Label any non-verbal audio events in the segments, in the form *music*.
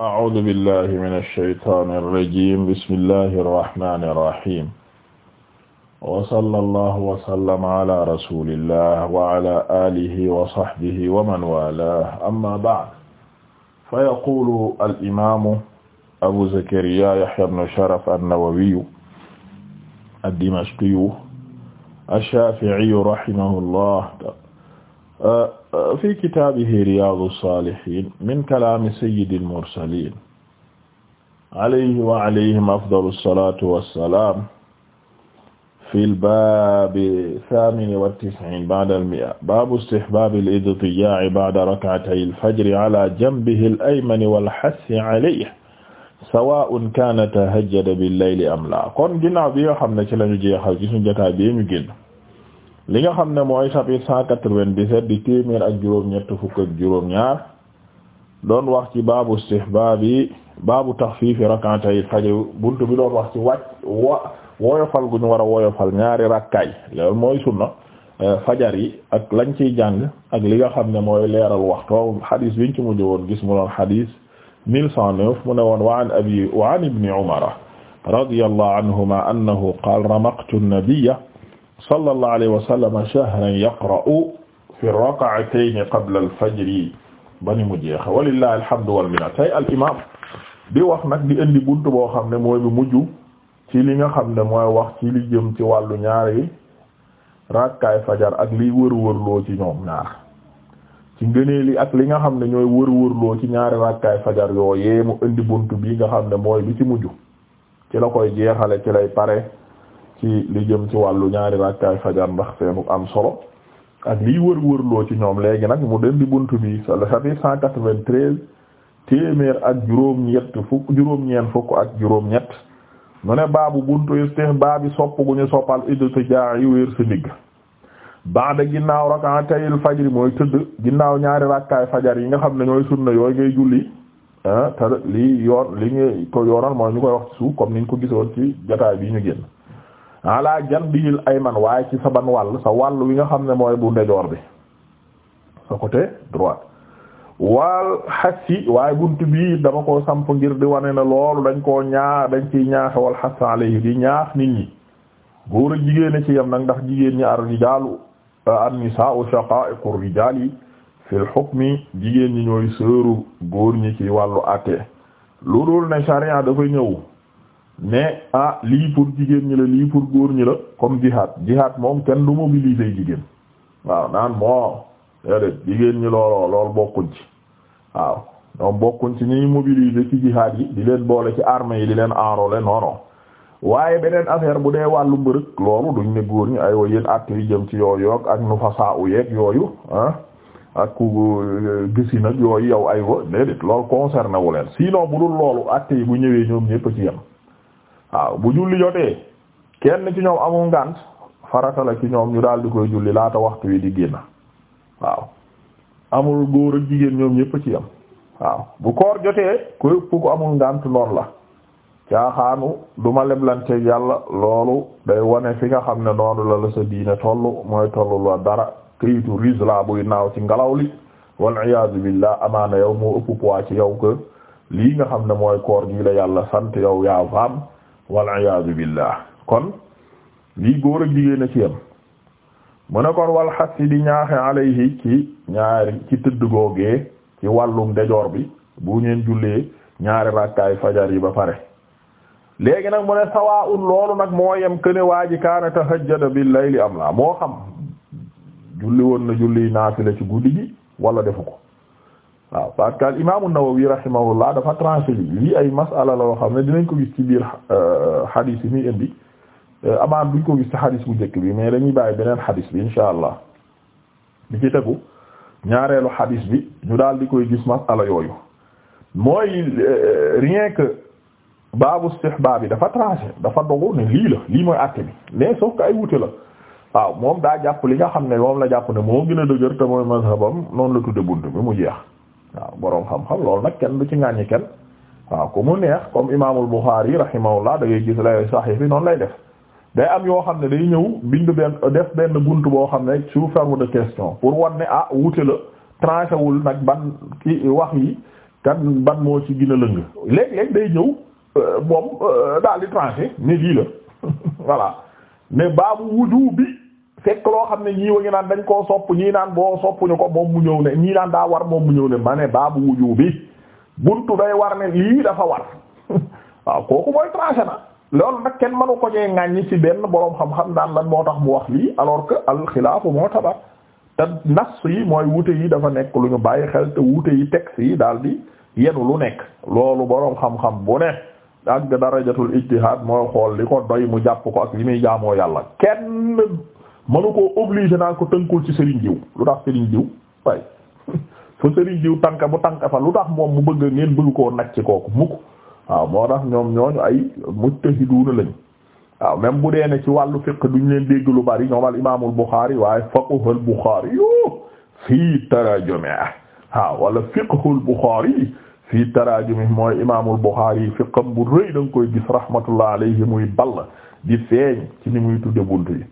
أعوذ بالله من الشيطان الرجيم بسم الله الرحمن الرحيم وصلى الله وسلم على رسول الله وعلى آله وصحبه ومن والاه أما بعد فيقول الإمام أبو زكريا يحيى بن شرف النووي الدمشقي الشافعي رحمه الله fi kitaabihi riyaadu saalihiin min kalaami sayyidil mursaliin alayhi wa alayhim afdalu salaatu wa salaam fil baabi saamini wa tis'iin ba'dal mi'a baabu istihbaabil idtiyaa'i ba'da rak'atayil fajri alaa janbihil aymani wal hassi alayhi sawaa'un kaana tahajjada bil layli am laa kon ginnaaw bi nga xam ne ci lañu jeexal ci sunu jotaay bi ñu génn li nga xam ne mooy chapitre cent quatre-vingt-dix-sept di ak juróom fukk ak ñaar doon wax ci baabu istihbaabi baabu taxfiifi rak'atay fajr buntu bi doon wax ci wàcc wa woyofal gu ñu war a woyofal ñaari rakkaay loolu mooy sunna eh, fajar yi ak lañ ciy jàng ak li nga xam ne mooy leeral waxtoo xadis biñ ci mujj woon gis mu doon xadis mille cent neuf mu ne woon wa abi wa an ibni umara radiyallahu anhuma annahu qaala ramaqtu an sallallahu alayhi wa sallam shahran yaqra'u fi rak'atayni qabla al ba ni mu jeexa walillahi alhamdu wal minna tey al bi wax nag di indi bunt boo xam ne mooy bu mujj ci li nga xam ne mooy wax ci li jëm ci wàllu ñaari rakkaay fajar ak liy wër-wërloo ci ñoom ñaar ci ngëneeli ak li nga xam ne ñooy wër-wërloo ci ñaari rakkaay fajar yooyee mu indi bunt bi nga xam ne mooy bi ci mujj ci la koy jeexale ci lay pare ci li jëm ci wàllu ñaari rakkaay fajar ndax seenu am solo ak liy wër wërloo ci ñoom léegi nag mu den di buntu bi le chapitre cent quatre-vingt-treize téeméer ak juróom-ñett fukk juróom-ñeent fukk ak juróom-ñett mu ne baabu buntu istihbaabi sopp gu ñu soppal idtijaa yi wéer si ndigg baada ginnaaw mooy tëdd ginnaaw ñaari rakkaay fajar yi nga xam ne ñooy sunna yooyu ngay julli ah, te li yoon li nga ko yoonal mooy ñu koy wax ci suuf comme niñ ko gisoon ci jotaay bi ñu génn ala janbihil ayman waaye ci sa ban wàll sa wàll wi nga xam ne mooy bu ndejoor bi sa côté droit wal xasi waaye bunt bi dama ko samp ngir di wane ne loolu dañ koo ñaax dañ ciy ñaaxe wal xas alayhi di ñaax nit ñi góor a jigéen ci yam nag ndax jigéen ñi ar rijaalu an nisaa'u shaqaa'iqu rijaali fil hukmi jigéen ñi ñooy sëru góor ñi ci wàllu àtte lu dul ne sharia dafay ñëw mais ah lii pour jigéen ñi la lii pour góor ñi la comme jihad jihad moom kenn du mobiliser jigéen waaw naan moo déedéet jigéen ñi looloo lool bokkuñ ci waaw ñoom bokkuñ ci ñuy mobiliser ci jihad yi di leen boole ci armée yi di leen enrôler non non waaye beneen affaire bu dee wàllu mbërëg loolu duñ ne góor ñi aywa yéen actes yi jëm ci yooyu ak ak nu fasaa u yeeg yooyu ah ak ku euh, gisi nag yooyu yow ay aywa déedéet loolu concerné wu leen sinon bu dul loolu actes yi bu ñëwee ñoom ñépp ci yem. waaw bu julli jotee kenn ci ñoom amul ngànt farata la ci ñoom ñu daal di koy julli laata waxtu wi di génn waaw amul góor ak jigéen ñoom ñépp ci yam waaw bu koor jotee ku yëpp ku amul ngànt noon la caaxaanu duma leblanteeg yàlla loolu day wane fi nga xam ne noonu la la sa diine tollu mooy tollu la dara këyitu risla buy naaw ci ngelaw li wal iyaazu billah amaana yow moo ëpp poids ci yow que lii nga xam ne mooy koor gi la yàlla sant yow yaa wal iyaadu billah kon lii góor ak jigéen a ci yam mu ne kon wal xas di ñaaxe alayhi ci ñaari tëdd googee ci wàllum ndejoor bi bu ñeen jullee ñaari rakkaay fajar yi ba pare léegi nag mu ne sawaa'un loolu nag moo yem këne waa ji kaana tahajjada bil layli am la moo xam julli woon na julli naafila ci guddi gi wala defu ko waaw parce que al imaamu Nawawi rahimahullah dafa tranché li lii ay masala la loo xam ne dinañ ko gis ci biir euh, xadis yi muy indi euh, amaan buñ ko gis ci xadis bu njëkk bi mais dañuy bàyyi beneen xadis bi insha allah bi ci tegu ñaareelu xadis bi ñu daal di koy gis masala yooyu mooy euh, rien que baabu istihbaab bi dafa tranché dafa dogu ne lii la lii mooy àtte bi mais sauf ay wute la waaw moom daa jàpp li nga xam ne moom la jàpp ne moo gën a dëgër te mooy mazhabam la tudde bunt mu jeex waaw boroom xam-xam loolu nag kenn du ci ŋàññi kenn waaw ku mu neex comme imaamul Bukhari rahimahullah da ngay gis lay sahih bi noonu lay def day am yoo xam ne day ñëw bind benn def benn bunt boo xam ne sous forme de question pour wan ne ah wute la tranché wul nag ban ki wax yi kan ban moo ci gën a lëng léeg-léeg day ñëw euh, moom euh, daal di tranché ne lii la *laughs* voilà mais baabu wuju bi fekk loo xam ne ñii wa ngi naan dañ koo sopp ñii naan boo soppuñu ko moom mu ñëw ne ñii naan daa war moom mu ñëw ne ma ne baabu wuju bi buntu day war ne lii dafa war *laughs* waaw kooku mooy tranché na loolu nag kenn mënu ko ñee ŋàññi ci benn boroom xam-xam daan lan moo tax mu wax lii alors que alxilaafu moo tabar te nas yi mooy wute yi dafa nekk lu ñu bàyyi xel te wute yi texte yi daal di yenu lu nekk loolu boroom xam-xam bu ne ak darajatul ijtihaad mooy xool li ko doy mu jàpp ko ak li muy jaamoo yàlla kenn mënu koo obligé naa ko tënkul ci Serigne Diou lu tax Serigne Diou waaye *laughs* fu Serigne Diou bu tànk fa lu tax moom mu bëgg ngeen bëgg koo nag ci kooku mukk waaw moo tax ñoom ñooñu ay mujtahiduuna lañ waaw même bu dee ne ci wàllu fiqh duñ leen dégg lu bari ñoom al imaamul Bukhari waaye fiqhul Bukhari yoo fii tarajumi waaw wala fiqhul Bukhari fii tarajumi mooy imaamul Bukhari fiqam bu rëy da nga koy gis rahmatullah alayhi muy ball di feeñ ci ni muy tudde bunt yi.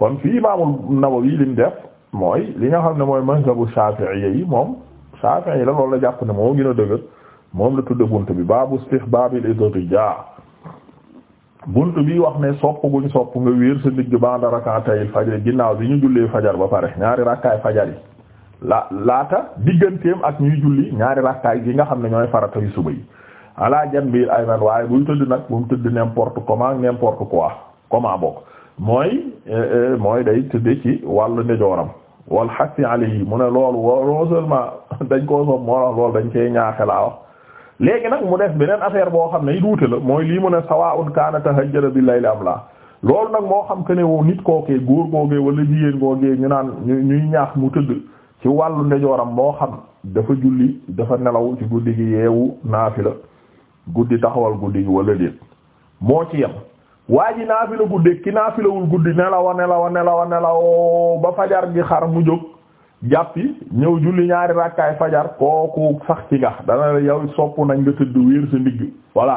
kon fii imaamul Nawawi lim def mooy li nga xam ne mooy mazhabu Shafi'i yi moom Shafi'i yi la loolu la jàpp ne moo gën a dëgër moom la tudde bunt bi baabu istihbaabil idtijaa bunt bi wax ne sopp guñ sopp nga wéer sa ndigg ba'da rak'atayil fajr ginnaaw bi ñu jullee fajar ba pare ñaari rakkaay fajar yi la laata digganteem ak ñuy julli ñaari rakkaay yi nga xam ne ñooy farata yu suba yi ala janbil ayman waaye buy tëdd nag bu mu tëdd n'importe comment n'importe quoi comment bokk mooy euh, euh, mooy day tëdd ci wàllu ndejooram wal xasi alayhi mu ne loolu wo non *laughs* dañ koo soom moo wax loolu dañ koy ñaaxe laa wax léegi nag mu def beneen affaire boo xam ne yi duute la mooy lii a ne sawaa'un kaana jëla bi layli am laa loolu nag moo xam que ne woo nit kookee góor googee wala jigéen googee ñu naan ñuy ñaax mu tëdd ci wàllu ndejooram moo xam dafa julli dafa nelaw ci guddi gi yeewu la guddi taxawal guddi gi wala déet moo waa ji naafila guddi ki naafilawul guddi nelawa nelawa nelawa nelaw ba fajar gi xar mu jóg jàppi ñëw julli ñaari rakkaay fajar kooku sax ci nga dana la yow sopp nañ nga tëdd wéer sa ndigg voilà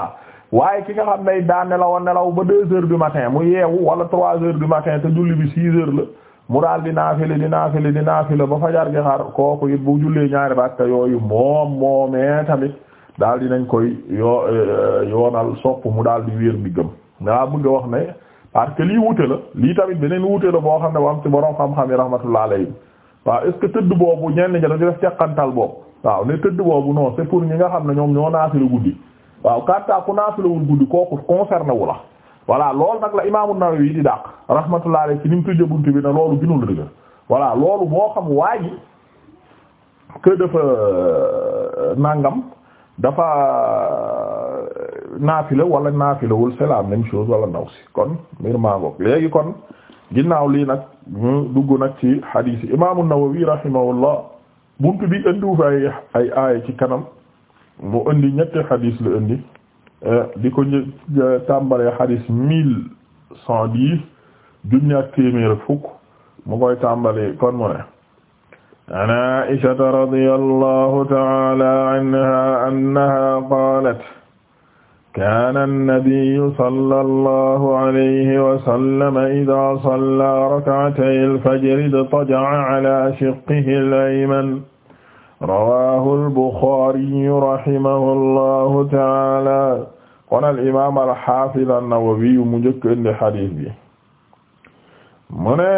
waaye ki nga xam ne daa nelawa nelaw ba deux heures du matin mu yeewu wala trois heures du matin te julli bi six heures la mu daal di naafile di naafile di naafile ba fajar gi xar kooku it bu jullee ñaari rakka yooyu moom moomee tamit daal di nañ koy yoo eh, yoonal sopp mu daal di wéer ndiggam ngaa bëgg wax ne parce que lii wute la lii tamit beneen wute la boo xam ne wam ci borom xam-xam yi rahmatullah alayhi waaw est tëdd boobu ñenn ñi dañu def teqantal boobu waaw ne tëdd boobu non c'est pour ñi nga xam ne ñoom ñoo naafila guddi waaw kàttaa ku naafilawul guddi kooku concerné wu la voilà loolu nag la imaamu Nawawi di dàq rahmatullah alayhi ci ni mu tëjee bi ne loolu ginul dëgg voilà loolu moo xam waa ji dafa euh, nangam dafa naafila wala naafilawul c'est la même chose si kon mbir maa ngoog kon ginnaaw lii nag ñu dugg nag ci hadith yi imaamu Nawawi rahimahullah buntu bi indiwu ay aaya ci kanam mu indi ñetti hadith la indi eh, di ko një eh, tàmbalee hadith mille cent dix junni ak fukk mu koy tàmbalee kon mu ne an Aisha radiyallahu ta'ala anha annaha qalat kaana nabiyyu sallallahu alayhi wa sallam idaa sallaa rak'atay al-fajri itaja'a alaa shiqqihi al-ayman rawaahu al-buxaariyu rahimahullahu ta'aala kon al-imaam al-haafiz an-nawawi mu njëkk indi hadiis bi mu ne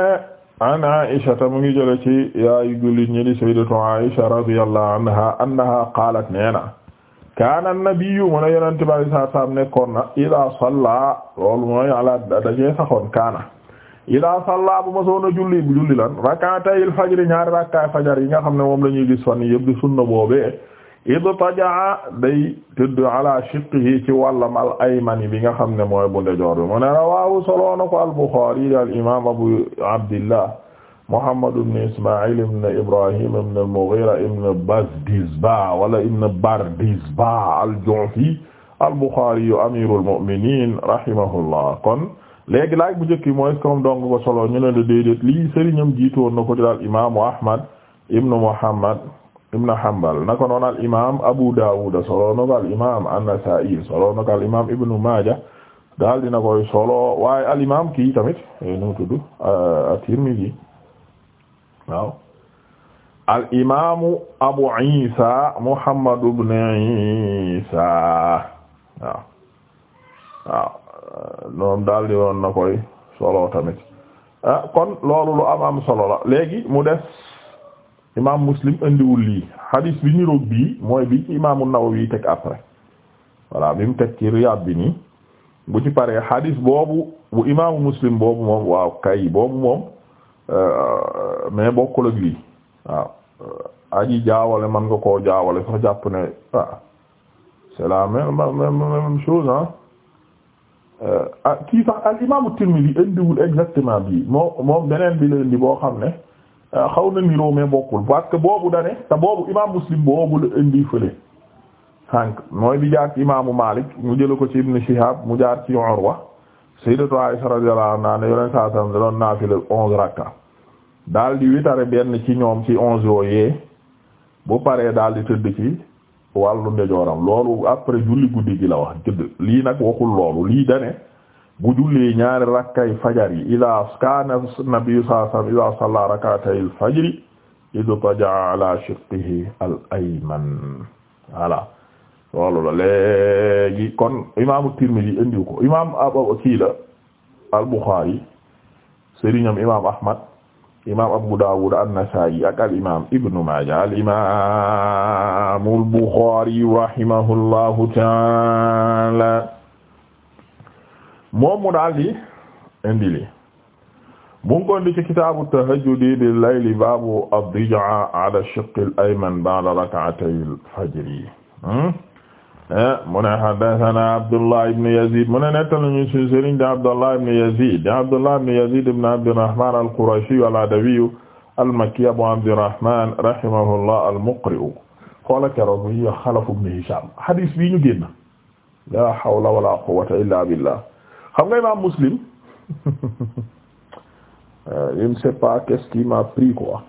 an Aysata mu ngi jële ci yaayu jullit ñi di sayyidatu Aysa radiyallahu anha annahaa qaalat neena kaana nabiyyu mu ne yonent bi sallallahu alayhi wa sallam nekkoon na idaa salla loolu mooy ala dajee saxoon kaana idaa salla bu ma soona julli julli lan rak'atayil fajri ñaari rakkaay fajar yi nga xam ne moom la ñuy gis fan yëpp di sunna boobee idtajaa day tëdd ala shiqqihi ci wàllam al aymani bi nga xam ne mooy bu ndejoor bi mu ne rawaahu soloona al Buxaari al Abu Abdillah Muhammad ibn Ismaïl ibn Ibrahim ibn al-Mughira ibn Bazdisba wala ibn Bardisba al-Ju'fi al-Bukhari amirul mu'minin rahimahullah kon léegi laaj bu njëkk mooy comme donc ko solo ñu ne la li lii sëriñam jiitu woon na ko daal imaamu Ahmad ibn Muhammad ibn Hanbal naka noonu al imaam Abu Dawud solo na ko al imaam An-Nasa'i solo na ko al imaam Ibn Majah daal dina koy solo waaye al imaam kii tamit eh, nu mu tudd euh, at waaw al imaamu abu isa muhammad ibn isa waaw waaw noonu daal di woon na koy solo tamit ah, kon loolu lu am am solo la léegi mu des imaam muslim indiwul lii hadis bi niroog bii mooy bi ci imaamu nawawi teg après voilà bi mu teg ci riyaad bi nii bu ci paree hadis boobu bu imaamu muslim boobu moom waaw kay boobu moom Euh, mais bokkul ak lii euh, aji jaawale man nga ko jaawale sax jàpp ne ah c'est la même même chose euh, ah kii sax al imaamu Tirmidhi indiwul exactement bii moom moom beneen bi la indi boo xam ne xaw na niroo mais bokkul parce que boobu da ne te boobu imaam Muslim boobu la indi fële sànq mooy bi jaar imaamu Maalik mu jëla ko ci Ibn Shihab mu jaar ci Urwa si Aisha radiyallahu anha ne yoneen saa sallam da doon onze rakka daal di witare benn ci ñoom ci onze yooyee bu paree daal di tëdd ci wàllu ndejooram loolu après julli guddi gi wax tëdd lii nag waxul loolu li dane bu julli ñaari rakkay fajar yi ila kaana nabiyu sallallahu alayhi ila salla rakatay al fajri idtaja ala shiqqihi al ayman voilà loolu la léegi kon imaamu Abu kii la al-Bukhari Abu Dawud an-Nasa'i ak al imaam Ibn Majah al imaam al-Bukhari rahimahullahu ta'ala mu daal di mu ngi ko tahajjud bil layli baabu ad-dij'a al-ayman ba'da rak'atay al-fajr Eh, mu ne haddathana Abdullah ibn Yazid mu ne nettal nañu ci sëriñ di Abdullah ibn Yazid di Abdullah ibn Yazid ibn Abdirrahman al-Qurashi al-Adawi al-Makki Abu Abdirrahman rahimahullah al-Muqri xoola keroog mi Xalaf ibn Hisham hadis bii ñu génn la hawla wala quwwata illa billah xam nga Imam Muslim *laughs* eh, je ne sais pas qu'est-ce qui m'a pris quoi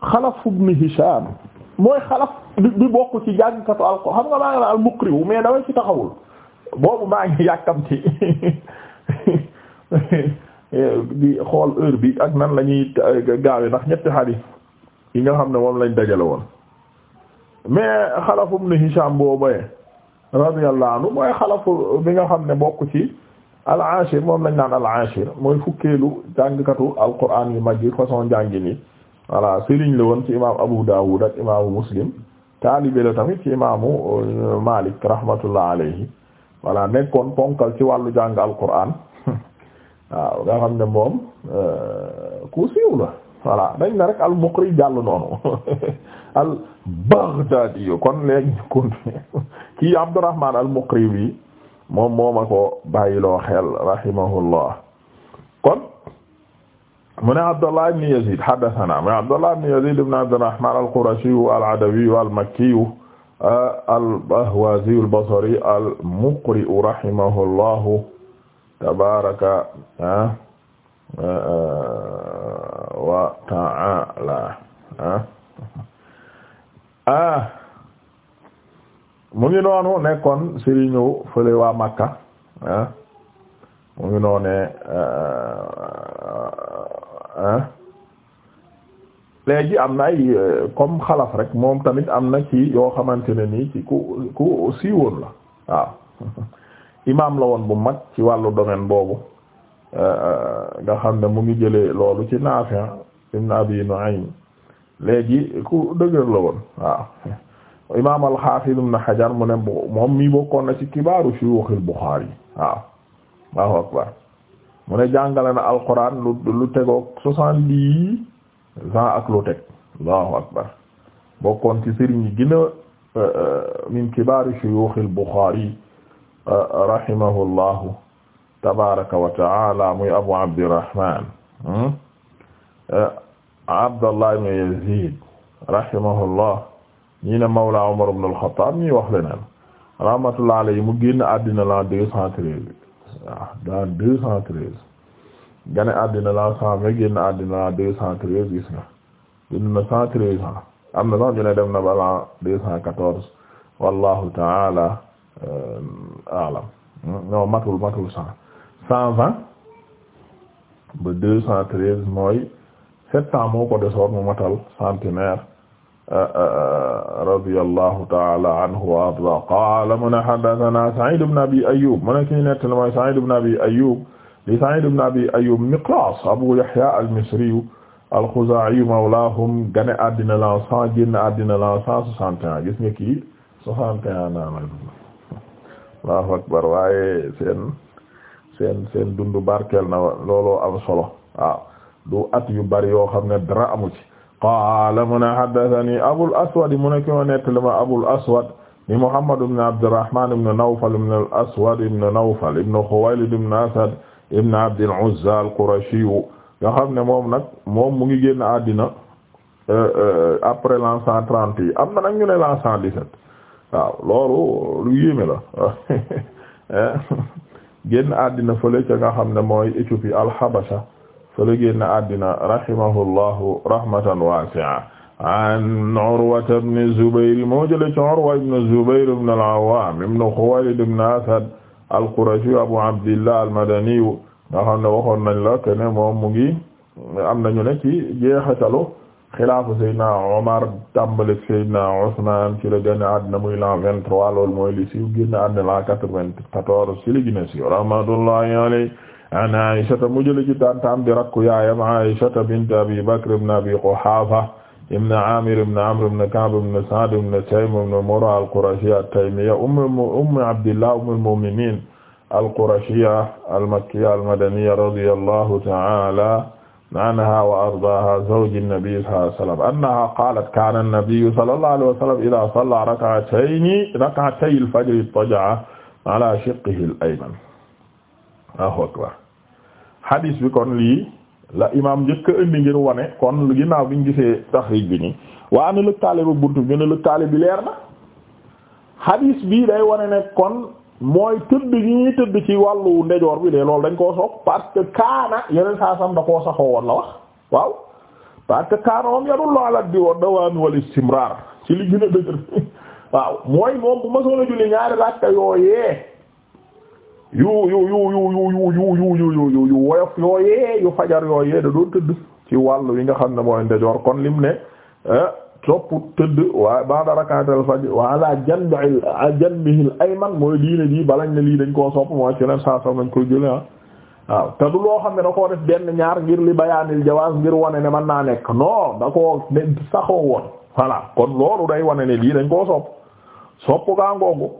Xalaf ibn Hisham mooy xalaf di bokk ci jàngkatu alko xam nga maa ngi la al muqri wu mais dama ci taxawul boobu maa ngi yàkkamti *laughs* di xool heure bi ak nan la ñuy eh, gaawe ndax ñetti xadis yi nga xam ne moom lañ dajale woon mais xalafum ni Hisham boobaye radiyallahu anhu mooy xalafu bi nga xam ne bokk ci al ashir moom lañ naan al ashir mooy fukkeelu jàngkatu alquran yu mag yi façon jàngi nii voilà sëriñ la woon ci imam Abu Dawud ak imaamu Muslim taalibe la tamit ci imaamu euh, Malik rahmatullah alayhi voilà nekkoon ponkal ci wàllu jàng alquran *laughs* waaw nga xam ne moom euh, ku siiw la voilà dañ na rek al Muqri jàll noonu *laughs* al Baghdadi kon léegi ñu *laughs* kii Abdurrahman al Muqri bi moom mooma ko bàyyiloo xel rahimahullah kon mu ne Abdallah ibn Yazid haddathana mu ne Abdallah ibn Yazid ibn Abdirrahman al-Qurashiyu al-Adawiyu al-Makkiyu uh, al-Ahwaziyu al-Basriyu al-Muqri'u rahimahullahu tabaaraka uh, uh, wa ta'ala ah, mu ngi noonu nekkoon sëriñu fële waa Makka mu ngi noonee léegi am na ay euh, comme xalaf rek moom tamit am na ci yoo xamante ne nii ci ku ku siiwoon la waaw *laughs* imaam la woon bu mag ci wàllu domaine boobu euh, nga xam ne mu ngi jëlee loolu ci Naafi ibn Abi Nu'aym léegi ku dëgër la woon waaw *laughs* imaam al-Hafiz ibn mu ne moom mii bokkoon na ci kibaaru shuyuukh al-Bukhari waaw Allahu akbar mu ne jàngale na alquran lu lu tegoog soixante-dix gen ak lu teg allahu akbar bokkoon ci sëriñ yi gën euh, euh, min kibaari shuyukh al-Bukhari euh, rahimahullahu tabaraka wa taala muy Abu Abdirrahman hmm? Abdallah ibn Yazid rahimahullah ñi ne mawla Umar ibn al-Khattab ñi wax leneen rahmatullah alayhi mu génn àddina l'an deux cent treize waaw ah, deux cent treize gane àddina la cent vingt génn àddina la deux cent treize gis nga génn cent treize ans am na sax ñu ne dem na bala deux cent quatorze wallahu taala euh, alam non matul matul cent cent vingt ba deux cent treize mooy sept moo ko desoon mu matal centenaire euh, euh, radiyallahu taala anhu wa arda qala mun haddathana Sa'id ibn Abi Ayyub mu ne ki nettali mooy Sa'id ibn Abi Ayyub li Sa'id ibn Abi Ayyub Miqlas Abu Yahya al-Misri al-Khuzaa'i mawlaahum gane àddina la cent génn àddina la cent soixante et un gis nga kii soixante et un naa Allahu akbar waaye seen seen seen dundu barkeel na looloo am solo waaw du at yu bari yoo xam ne dara amu ci qaala mu ne haddathani Abul Aswad mu ne ki ma nettali ma Abul Aswad ni Muhammad ibn Abdurrahman ibn Nawfal ibn al-Aswad ibn Nawfal ibn Khuwaylid ibn Asad ibn Abdil Uzza al-Qurashi nga xam ne moom nag moom mu ngi génn àddina euh, euh, après l'an cent trente am na nag ñu ne l'an cent loolu lu yéeme la *laughs* eh? génn àddina fële ca nga xam ne mooy Éthiopie al-Habasha fële génn àddina rahimahullahu rahmatan wasi'a an Urwata ibn Zubayr moo jële ci Urwa ibn Zubayr ibn al ibn Khuwaylid al-Qurashi Abu Abdillah al-Madani nga xam ne waxoon la que ne moom mu ngi am nañu ne ci jeexitalu xilaafu Seydina Omar tàmbali Seydina Ousmane ci la génn àddina muy l'an 23 loolu mooy li siiw génn àddina l'an 94 ci li gën a siiw rahmatullahi alayhi an Aysata mu jële ci tantam bi rakku yaayam Aysata bint Abi Bakr ibn Abi Quhaafa ibn Amir ibn Amr ibn Ka'b ibn Sa'd ibn Taym ibn Murra al-Qurashiyya at-Taymiyya ummu Abdillah ummul mu'minin al-Qurashiyya al-Makkiyya al-Madaniyya radiyallahu ta'ala anha wa ardaaha zawju an-nabiy sallallahu alayhi wa sallam annaha qaalat kaana an-nabiy sallallahu alayhi wa sallam idhaa sallaa rak'atayni rak'atay al-fajr ittaja'a ala shiqqihi al-ayman Allahu akbar hadiis bi kon lii la imaam njëkk a indi ngir wane kon ginnaaw bi ñu gisee taxriij bi nii waa ana lëkkaale ba buntu bi ñu ne lëkkaale bi leer na hadis bi day wane ne kon mooy tëdd gi ñuy tëdd ci wàllu ndejoor bi de loolu dañ koo soog parce que kaana yeneen saa sam da koo saxoo woon la wax waaw parce que kaana moom yarul loola di woon dawaami wal istimraar ci li gën a dëgër *laughs* waaw mooy moom bu ma soog julli ñaari rakka yooyee yu yu yu yu yu yu yu yu woyof yooyee yu fajar yooyee da doon tëdd ci wàll wi nga xam ne mooy ndejoor kon lim ne sopp tëdd waa ba'da rak'atil fajr wa ala janbil janbihil ayman mooy diine ji balañ ne lii dañ koo sopp mooy ci leen saa soxnañ koy jëlee waaw te du loo xam ne da ko def benn ñaar ngir li bayaanil jawaaz ngir wane ne mën naa nekk non da koo ne saxoo woon voilà kon loolu day wane ne lii dañ koo sopp sopp gaa ngoogu.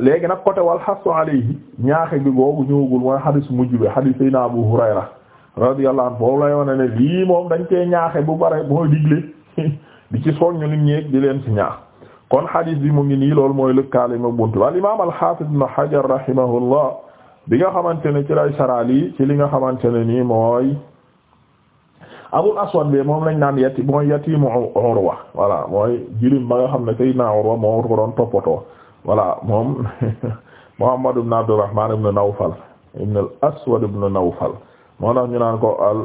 léegi nag côté wal xasu alayhi ñaaxe bi googu ñëwagul mooy xadis mujj bi xadis sayna Abu Hurayra radiyallahu anhu boobu lay wone ne lii moom dañ koy ñaaxe bu bare mooy digle *laughs* di ci soññu nit ñeeg di leen ci ñaax kon xadis bi mu ngi nii loolu mooy lëkkaale ma buntu al imaam al xaafis ibn Hajar rahimahullah bi nga xamante ne ci lay sarali ci li nga xamante ne nii mooy Abul Aswad bi moom lañ naan yati mooy yatimu Urwa voilà mooy jirim ba nga xam ne sayna Urwa moo voilà moom *laughs* Muhammad ibn Abdurrahman ibn Nawfal ibn al-Aswad ñu naan ko al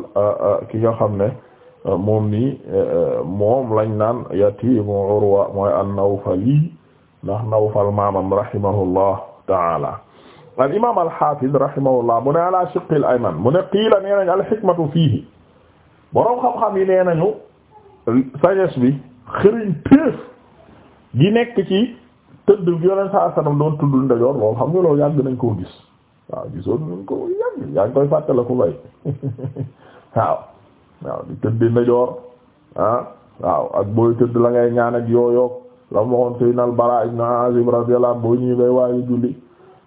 ki nga xam ne euh, moom nii euh, euh, moom lañ naan yatiimu Urwa mooy an-Nawfali ndax Nawfal maamam rahimahullah ta'ala al imaam al-Hafiz rahimahullah mu ne ala shiqqi ayman mu ne qiila nee nañ al-hikmatu fiihi boroom xam-xam yi nee nañu sagesse bi xëriñ péef gi nekk ci tëdd yoneen saa sanam doon tuddul ndajoor loolu xam nga loolu yàgg nañ koo gis waaw gisoon nañ ko yàgg yaa ngi koy fàttale ko bay *laughs* waaw waaw di ah, waaw ak booy tëdd la ngay ñaan ak yooyoog la maxoon sayyidina al-Bara ibn Azib radiyallahu boo ñuy ngay waaye julli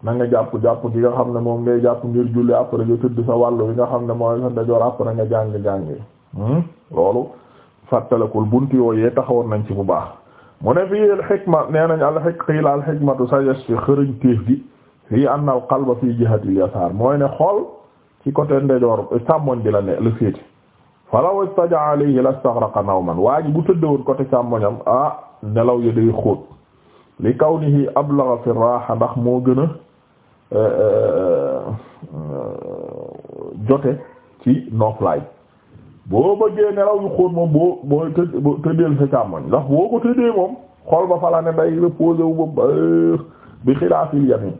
na nga jàpp jàpp gi nga xam ne moom ngay jàpp ngir julli tëdd sa wi nga xam ne mooy sa ndajoor après nga jàng-jàng yi hmm? loolu fàttalekul bunt yooyee taxawoon nañ ci bu baax mu ne fii al xikma nee nañ al xik xiila al xikmatu sagesse fi xëriñ téef gi fii anna al qalba fii jihatil yasaar mooy ne xool ci côté ndejoor càmmoñ bi la ne lu féete falaw istaja alayhi la staghraqa nawman waa ji bu tëddawoon côté càmmoñam ah nelaw yi day xóot li kawnihi ablagha fi raaxa ndax moo gën a eh, eh, eh, jote ci noflaay boo bëggee nelaw yu xóot moom boo boo sa càmmoñ ndax boo ko tëddee ba fala ne day reposé bi xilaafil yamin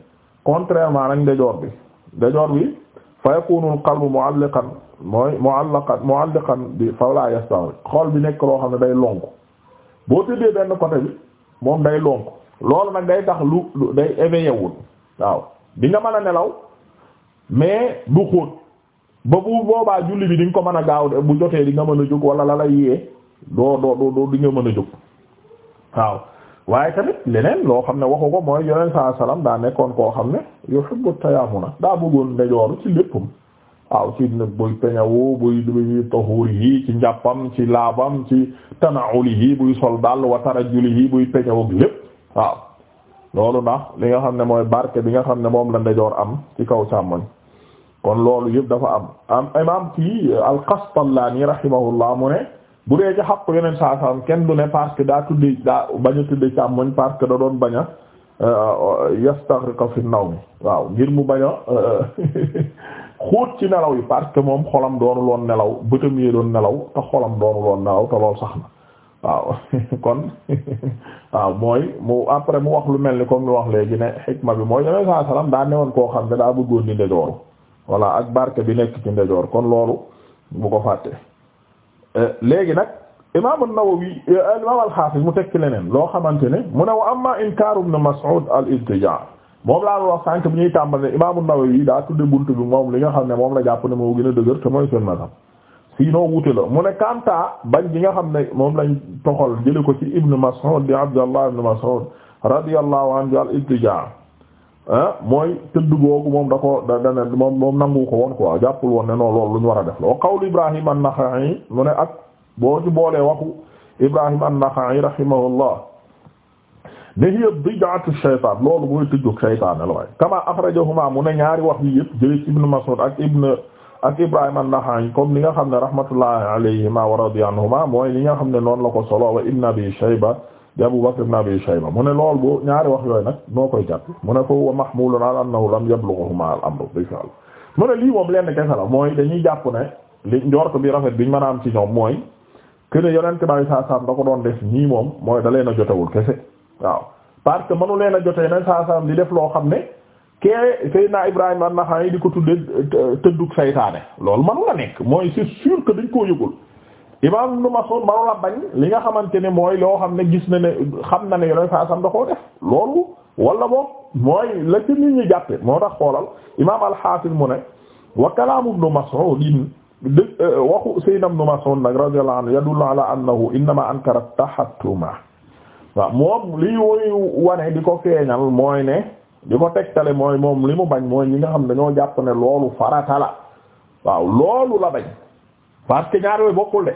contrairement nag ndejoor bi ndejoor bi fa yakunul qalbu mu'alliqan mooy mu'allaqan mu'alliqan bi fa la yastawi xol bi nekk loo xam ne day lonk boo tëddee benn côté bi moom day lonk loolu nag day tax lu day éveillé wul waaw di nga mën a nelaw mais du xóot ba bu boobaa julli bi di ko mën a gaaw bu jotee di nga mën a jóg wala la lay yee doo doo doo di nga mën a jóg waaw waaye tamit leneen loo xam ne waxu ko mooy yeneen saa salaam daa nekkoon koo xam ne yuhibbu tayammuna daa bëggoon ndeyooru ci léppam waaw ci buy peñawoo buy taxuur yi ci njàppam ci laabam ci tanauli yi buy sol daal wa tarajuli yi buy peñawoog lépp waaw loolu ndax li nga xam ne mooy barke bi nga xam ne moom la ndejoor am ci kaw càmmoñ kon loolu yëpp dafa am am imam kii al-Qastallaani rahimahullah mu ne bu dee ci xaqu yeneen saa salaam kenn du ne parce que daa tudde daa bañ a tudde càmmoñ parce que da doon bañ a euh, yastaghriqa fi naw mi waaw ngir mu bañ a euh, *laughs* ci nelaw yi parce que moom xolam doonu loon nelaw bëtam yee doon nelaw te xolam doonu loon nelaw te loolu sax na waaw *laughs* kon *laughs* waaw mooy mu après mu wax lu mel ni comme lu wax léegi ne xikma bi mooy yeneen saa salaam daa newoon koo xam ne daa bëggoon di ndejooru voilà ak barke bi nekk ci ndejoor kon loolu bu ko fàtte euh, léegi nag imam an-Nawawi euh, imam al mu tekki leneen loo xamante ne mu ne wa amma inkaaru ibn Mas'ud al-ittija moom laa wax sànq bi ñuy tàmbale imam an-Nawawi daa tudde bunt bi moom li nga xam ne moom la jàpp ne moo gën a dëgër te mooy seen mazhab siinoo wute la mu ne kanta bañ gi nga xam ne moom lañ toxal jële ko ci ibn Mas'ud di Abdallah ibn Mas'ud radiyallahu anhu al Ah mooy tëdd googu moom da ko da dane moom nangu ko woon quoi jàppul woon ne noonu loolu lu ñu war a def la wa qawlu Ibrahim an-Nakha'i mu ne ak boo ci boolee waxu Ibrahim an-Nakha'i rahimahullah ne hiya bid'atu shaytaan loolu mooy tëjug shaytaan la waaye kama akhrajahuma mu ne ñaari wax yi yëpp jëlee ci Ibn Mas'ud ak Ibn ak Ibrahim an-Nakha'i kom li nga xam ne rahmatullahi alayhima wa radiya anhuma mooy li nga xam ne noonu la ko solo wa Ibn Abi di Abu Bakr ibn Abi Shayba mu ne lool bu ñaari wax yooy nag noo koy jàpp mu ne ko wa mahmulun ala annahu lam yablughuhuma al amru bi fi'l mu ne lii moom lenn kese la mooy dañuy jàpp ne li njort bi rafet biñ mën a am ci ñoom mooy que ne yonent bi sallallahu alayhi da ko doon def ñii moom mooy da leen a jotewul kese waaw parce que mënu leen a jote yonent sallallahu alayhi wasallam di def loo xam ne kee Seydina Ibrahima an-Naxa'i di ko tudde tëddug saytaane loolu mënu la nekk dañ koo yëgul imam Ibn Mas'ud manoon a bañ li nga xamante ne mooy loo xam ne gis na ne xam na ne yoneen saa sam da koo def loolu wala moom mooy la ci nit ñi jàppe moo tax xoolal imam al-Hafiz mu ne wa kalaamu Ibn Mas'ud dë euh, waxu sayyidna Ibn Mas'ud nag radiyallahu anhu yadullu ala annahu innama ankara tahattuma waaw moom li woy wane di ko feeñal mooy ne di ko tegtale mooy moom li mu bañ mooy ñi nga xam dañoo jàpp ne loolu farata la waaw loolu la bañ parce que ñaar yooyu bokkul de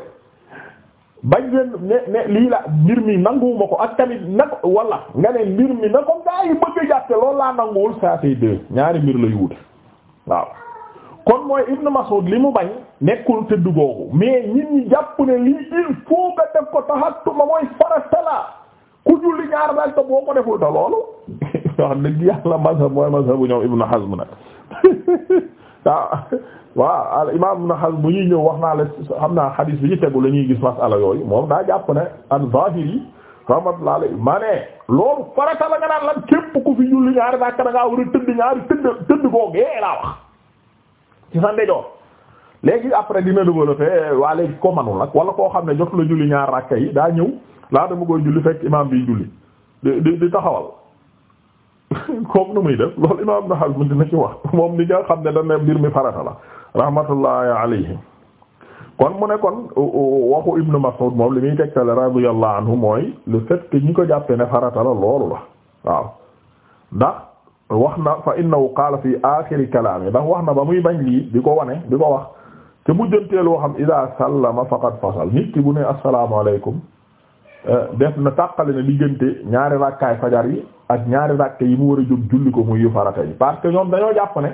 bañ leen ne ne lii la mbir mi nanguwuma ko ak tamit nag wala nga ne mbir mi na ko gaa yi bëgg jàppe loolu laa nanguwul ça c'est ñaari mbir la yu wute waaw kon mooy Ibn Mas'ud li mu bañ nekkul tëdd googu mais nit jàpp ne lii il faut nga def ko taxattuma mooy farata ku julli ñaar daal boo ko deful te loolu *laughs* wax dëgg yàlla masa mooy masa ñoom Ibn Hazm nag *laughs* ah waaw al imam Ibn Hazm bu ñuy ñëw wax naa la xam naa xadis bi ñu tegu la ñuy gis masala yooyu moom daa jàpp ne al-Zahiri rahmatullah alayhi ma ne loolu farata la nga naan lan képp ku fi julli ñaari a tëdd tëdd tëdd gee laa wax ci sa ndejoor léegi après dina développé waa léegi ko manul nag wala koo xam ne jot la julli ñaar rakka yi daa ñëw laa dama koy julli fekk imam bi julli di di taxawal kooku na muy def loolu imaam Ibn Hazm dina ci wax moom ni nga xam ne dana mbir mi farata la rahmatullahi alayhi kon mu ne kon waxu Ibn Mas'ud moom li muy tegtale radiyallahu mooy le fait ñi ko jàppee ne farata la waaw ndax wax na fa innahu qaala fi aaxiri kalaami ndax wax na ba muy bañ lii di ko wane di ko wax te mujjanteel woo xam idaa sallama faqad fasal nit ki bu ne assalaamu alaykum Euh, def na tàqale na diggante ñaari rakkaay fajar yi ak ñaari rakk yi mu war a jóg julli ko muy yu farata yi parce que ñoom dañoo jàpp ne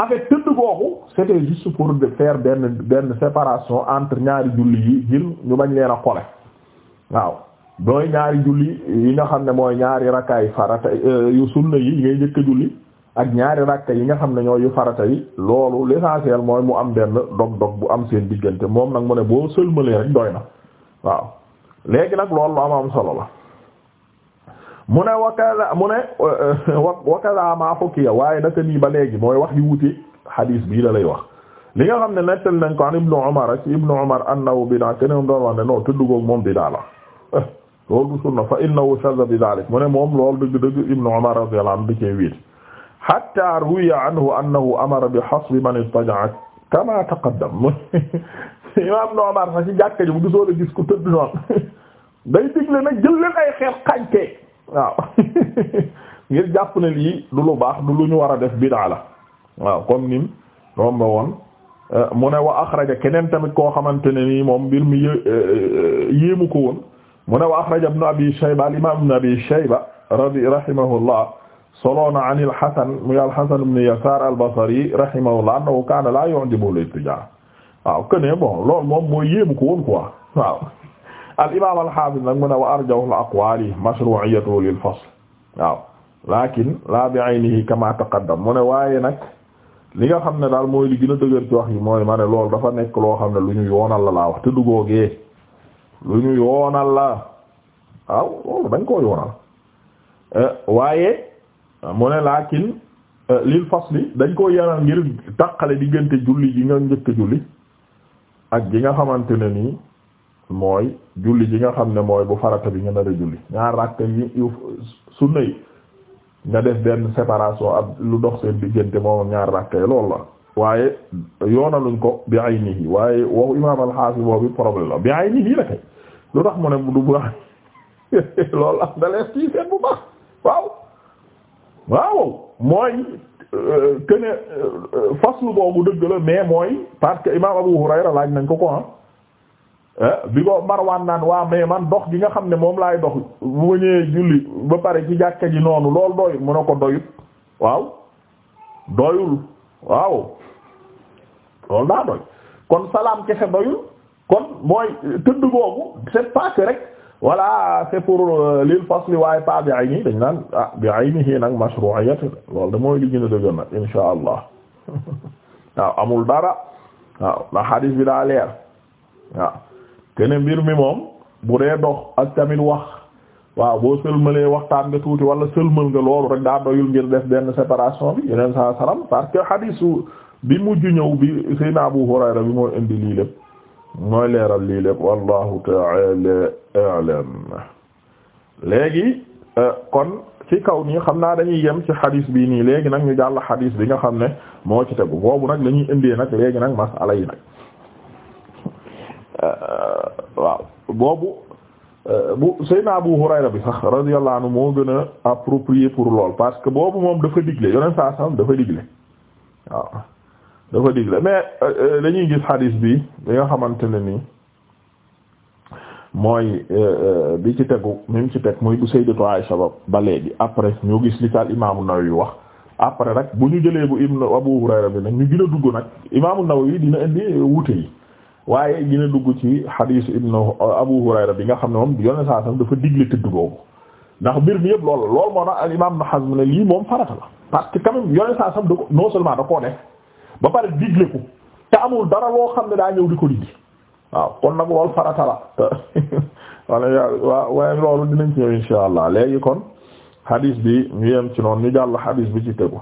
en fait tëdd googu c'était juste pour de faire benn benn séparation entre ñaari julli yi ngir ñu bañ leen a xole waaw dooy ñaari julli yi nga xam ne mooy ñaari rakkaay farata euh, yu sunna yi ngay jëkk a julli ak ñaari rakka yi nga xam ne ñooy yu farata yi loolu l'essentiel mooy mu am benn dog dog bu am seen diggante moom nag mu ne boo sëlmalee rek doy na waaw léegi nag loolu lu am am solo la mu ne wakada mu ne wakada ma fukkiya waaye naka nii ba léegi mooy wax yu wuute xadiis bii la lay wax li nga xam ne nettali nañ ko an ibnu umar ci ibnu umar annahu bidaa keneen doon wax ne non tudd googu moom bidaa la *laughs* loolu du sunna fa innahu shadda bi dalik mu ne moom loolu dëgg dëgg ibnu umar radiyallahu anhu dëcee wiit hatta ruwiya anhu annahu amara bi hasbi man istaja'a kama taqaddam *laughs* imaam Noomar sax ci jàkka ji bu gisoo la gis ku tëdd noonu day digle nag jël leen ay xeer xàñkee waaw *laughs* ngir jàpp ne lii du lu baax du lu ñu war a def bidaa la waaw comme nim romba woon euh, mu ne wa axraja keneen tamit koo xamante ne nii moom mbir mi euh, euh, yéemu ko woon mu ne wa axraja ibnu abi shayba al imaam ibnu abi shayba radi rahimahullah soloona an al hasan muy al hasan ibnu yasaar al basri rahimahullah annahu kaana laa yu'jibu al ittijaa waaw kënee bon loolu moom mooy yéemu ko woon quoi waaw al imaam al hafiz nag mu ne wa arjahul aqwali mashru'iyyatu lil fasl waaw lakin la bi aynihi kama taqaddam mu ne waaye nag li nga xam ne daal mooy li gën a dëgër ci wax yi mooy ma ne loolu dafa nekk loo xam ne lu ñu yoonal la laa wax te dugoogee lu ñu yoonal la waaw loolu dañ koo yoonal waaye mu ne lakin lil fasli dañ koo yoonal ngir taqale diggante julli ji nga njëkk julli ak ji nga xamante ne nii mooy julli ji nga xam ne mooy bu farata bi nga nar a julli ñaar ràkk yu sunna yi nga def benn séparation ab lu dox seen diggante moom ñaar ràkk yi lool la waaye yoonaluñ ko bi ay nii waaye waxu imaam alxaasi boobu problème la bi ay nii la kay lu tax mu ne du bu ay am *laughs* na lees kii seen bu baax waaw waaw mooy que ne euh, faslu boobu dëgg la mais mooy parce que imaam Abu Hurayra laaj nañ ko ko ah eh, bi ko Marwaan naan waa mais man dox gi nga xam ne moom laay dox bu ma julli ba pare ci jàkka ji noonu loolu doyut mu ne ko doyut waaw doyul waaw loolu daa doy kon salaam kese doyul kon mooy tëdd boobu c'est pas rek. voilà c'est pour euh, lil fasli waaye pas bi ay nii dañ naan ah bi ay nii nag mashru'iyat loolu da mooy li gën nag insha allah *laughs* waaw amul dara waaw ndax xadiis bi daa leer waaw kene mbir mi moom bu dee dox ak tamit wax waaw boo sëlmalee waxtaan nga tuuti wala sëlmal nga loolu rek daa doyul ngir def benn séparation bi yeneen saa salaam parce que xadiisu bi mujj ñëw bi Seydina Abu Hurayra bi moo indi lii lépp mooy leeral lii lépp wallahu ta'ala a'lam léegi euh, kon ci kaw nii xam naa dañuy yem ci xadis bii nii léegi nag ñu jàll xadis bi nga xam ne moo ci tegu boobu nag la ñuy indee nag léegi nag masala yi nag euh, waaw boobu euh, bu Seydina Abu Hurayra bi sax radiyallahu anhu moo gën a approprié pour lool parce que boobu moom dafa digle yoneen saa sam dafa digle waaw dafa digle mais euh, euh, dañuy gis xadis bi bi nga xamante ne nii mooy euh, bi ci tegu même ci teg muy bu sayyidatu Aisha ba léegi après ñu gis li taal imaamu Nawawi wax après rek bu ñu jëlee bu ibnu Abu Hurayra bi nag ñu gën a dugg nag imaamu Nawawi dina indi wute yi waaye a dugg ci xadisu ibnu Abu Hurayra bi nga xam ne moom yone saa sam dafa digle tëdd boobu ndax mbir mi yëpp loolu loolu moo tax al imaam Ibn Hazm ne lii moom farata la parce que quand yone saa sam da ko non seulement da koo def ba pare digle ko te dara loo xam ne daa ñëw di ko liggéey waaw kon nag loolu farata la *laughs* wala waaw waaye loolu dinañ ci ñëw insha allah léegi kon hadis bi ñu yem ci noonu ñu jàll hadis bi ci tegu